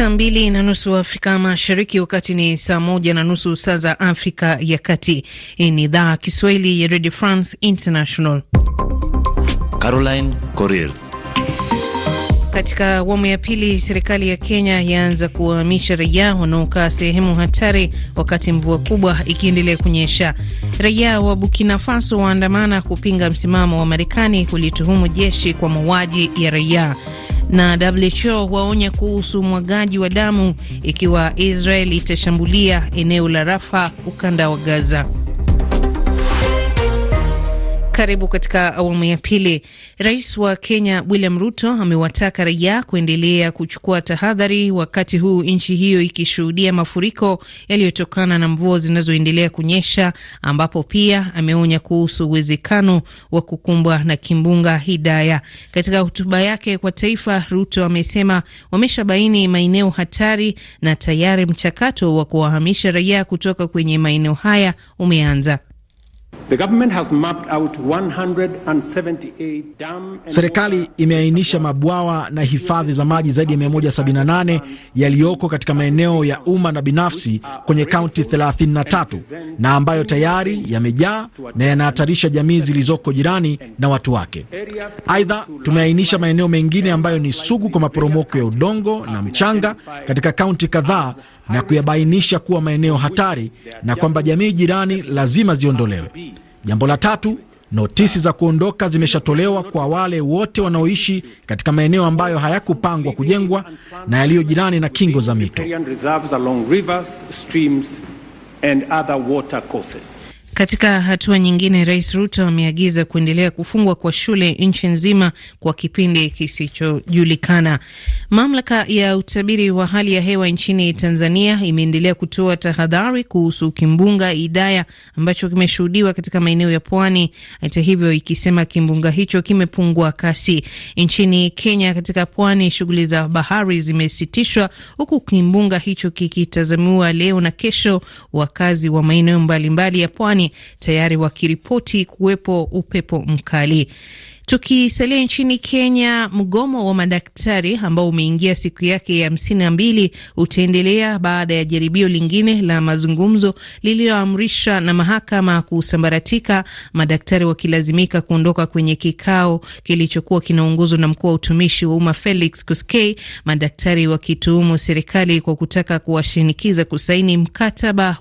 Saa mbili na nusu Afrika Mashariki, wakati ni saa moja na nusu saa za Afrika ya Kati. Hii ni idhaa Kiswahili ya Radio France International. Caroline Corel. Katika awamu ya pili, serikali ya Kenya yaanza kuwahamisha raia wanaokaa sehemu hatari wakati mvua kubwa ikiendelea kunyesha. Raia wa Burkina Faso waandamana kupinga msimamo wa Marekani kulituhumu jeshi kwa mauaji ya raia na WHO waonya kuhusu mwagaji wa damu ikiwa Israel itashambulia eneo la Rafa, ukanda wa Gaza. Karibu katika awamu ya pili. Rais wa Kenya William Ruto amewataka raia kuendelea kuchukua tahadhari, wakati huu nchi hiyo ikishuhudia mafuriko yaliyotokana na mvua zinazoendelea kunyesha, ambapo pia ameonya kuhusu uwezekano wa kukumbwa na kimbunga Hidaya. Katika hotuba yake kwa taifa, Ruto amesema wameshabaini maeneo hatari na tayari mchakato wa kuwahamisha raia kutoka kwenye maeneo haya umeanza. Serikali imeainisha mabwawa na hifadhi za maji zaidi ya 178 yaliyoko katika maeneo ya umma na binafsi kwenye kaunti 33 na ambayo tayari yamejaa na yanahatarisha jamii zilizoko jirani na watu wake. Aidha, tumeainisha maeneo mengine ambayo ni sugu kwa maporomoko ya udongo na mchanga katika kaunti kadhaa na kuyabainisha kuwa maeneo hatari na kwamba jamii jirani lazima ziondolewe. Jambo la tatu, notisi za kuondoka zimeshatolewa kwa wale wote wanaoishi katika maeneo ambayo hayakupangwa kujengwa na yaliyo jirani na kingo za mito. Katika hatua nyingine, Rais Ruto ameagiza kuendelea kufungwa kwa shule nchi nzima kwa kipindi kisichojulikana. Mamlaka ya utabiri wa hali ya hewa nchini Tanzania imeendelea kutoa tahadhari kuhusu kimbunga Idaya ambacho kimeshuhudiwa katika maeneo ya pwani, hata hivyo ikisema kimbunga hicho kimepungua kasi. Nchini Kenya, katika pwani, shughuli za bahari zimesitishwa huku kimbunga hicho kikitazamiwa leo na kesho wakazi wa maeneo mbalimbali ya pwani tayari wakiripoti kuwepo upepo mkali. Tukisalia nchini Kenya, mgomo wa madaktari ambao umeingia siku yake ya hamsini na mbili utaendelea baada ya jaribio lingine la mazungumzo lililoamrisha na mahakama kusambaratika, madaktari wakilazimika kuondoka kwenye kikao kilichokuwa kinaongozwa na mkuu wa utumishi wa umma Felix Koskei, madaktari wakituhumu serikali kwa kutaka kuwashinikiza kusaini mkataba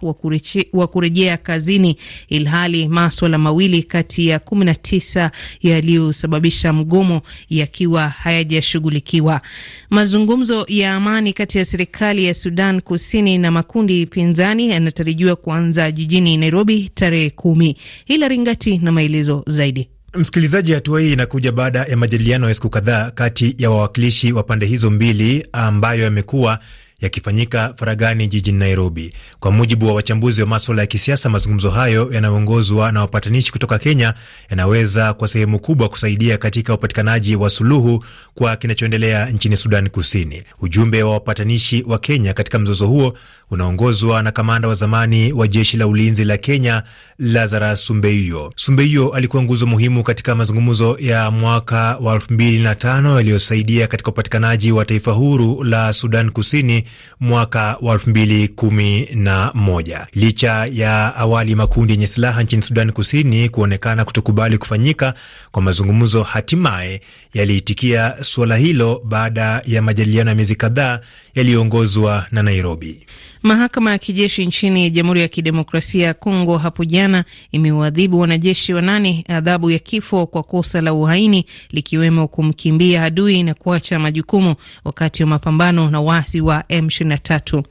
wa kurejea kazini, ilhali maswala mawili kati ya 19 yaliyo kusababisha mgomo yakiwa hayajashughulikiwa. Mazungumzo ya amani kati ya serikali ya Sudan Kusini na makundi pinzani yanatarajiwa kuanza jijini Nairobi tarehe kumi. Ila Ringati na maelezo zaidi. Msikilizaji, hatua hii inakuja baada ya majadiliano ya siku kadhaa kati ya wawakilishi wa pande hizo mbili ambayo yamekuwa yakifanyika faragani jijini Nairobi. Kwa mujibu wa wachambuzi wa maswala ya kisiasa, mazungumzo hayo yanayoongozwa na wapatanishi kutoka Kenya yanaweza kwa sehemu kubwa kusaidia katika upatikanaji wa suluhu kwa kinachoendelea nchini Sudan Kusini. Ujumbe wa wapatanishi wa Kenya katika mzozo huo unaongozwa na kamanda wa zamani wa jeshi la ulinzi la Kenya Lazarus Sumbeio. Sumbeio alikuwa nguzo muhimu katika mazungumzo ya mwaka wa 2005 yaliyosaidia katika upatikanaji wa taifa huru la Sudan Kusini mwaka wa elfu mbili kumi na moja. Licha ya awali makundi yenye silaha nchini sudani Kusini kuonekana kutokubali kufanyika kwa mazungumzo, hatimaye yaliitikia suala hilo baada ya majadiliano ya miezi kadhaa yaliyoongozwa na Nairobi. Mahakama ya kijeshi nchini Jamhuri ya Kidemokrasia ya Kongo hapo jana imewaadhibu wanajeshi wanane adhabu ya kifo kwa kosa la uhaini likiwemo kumkimbia adui na kuacha majukumu wakati wa mapambano na waasi wa M23.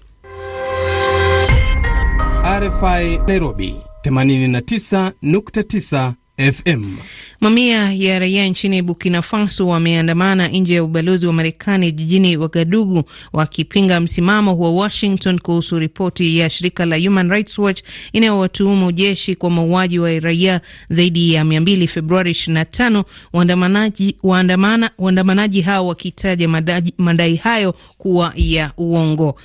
RFI Nairobi 89.9 FM. Mamia ya raia nchini Burkina Faso wameandamana nje ya ubalozi wa Marekani jijini Wagadugu wakipinga msimamo wa Washington kuhusu ripoti ya shirika la Human Rights Watch inayowatuhumu jeshi kwa mauaji wa raia zaidi ya 200 Februari 25. Waandamanaji, waandamana, waandamanaji hao wakitaja madai, madai hayo kuwa ya uongo.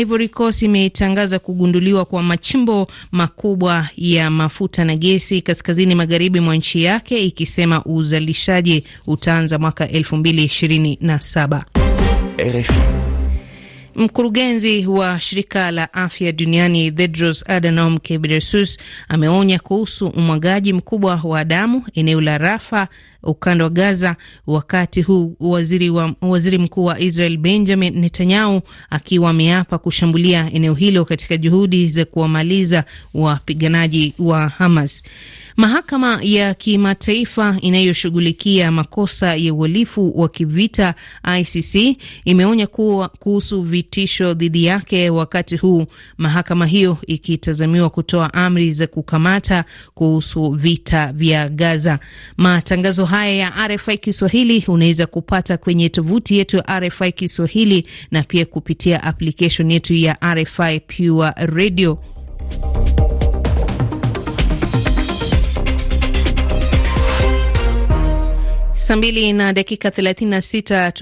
Ivory Coast imetangaza kugunduliwa kwa machimbo makubwa ya mafuta na gesi kaskazini magharibi mwa nchi yake ikisema uzalishaji utaanza mwaka 2027. RFI. Mkurugenzi wa shirika la afya duniani Tedros Adhanom Ghebreyesus ameonya kuhusu umwagaji mkubwa wa damu eneo la Rafa, ukanda wa Gaza, wakati huu waziri, wa, waziri mkuu wa Israel Benjamin Netanyahu akiwa ameapa kushambulia eneo hilo katika juhudi za kuwamaliza wapiganaji wa Hamas. Mahakama ya kimataifa inayoshughulikia makosa ya uhalifu wa kivita ICC imeonya kuwa kuhusu vitisho dhidi yake, wakati huu mahakama hiyo ikitazamiwa kutoa amri za kukamata kuhusu vita vya Gaza. Matangazo haya ya RFI Kiswahili unaweza kupata kwenye tovuti yetu ya RFI Kiswahili na pia kupitia application yetu ya RFI Pure Radio. Saa mbili na dakika thelathini na sita.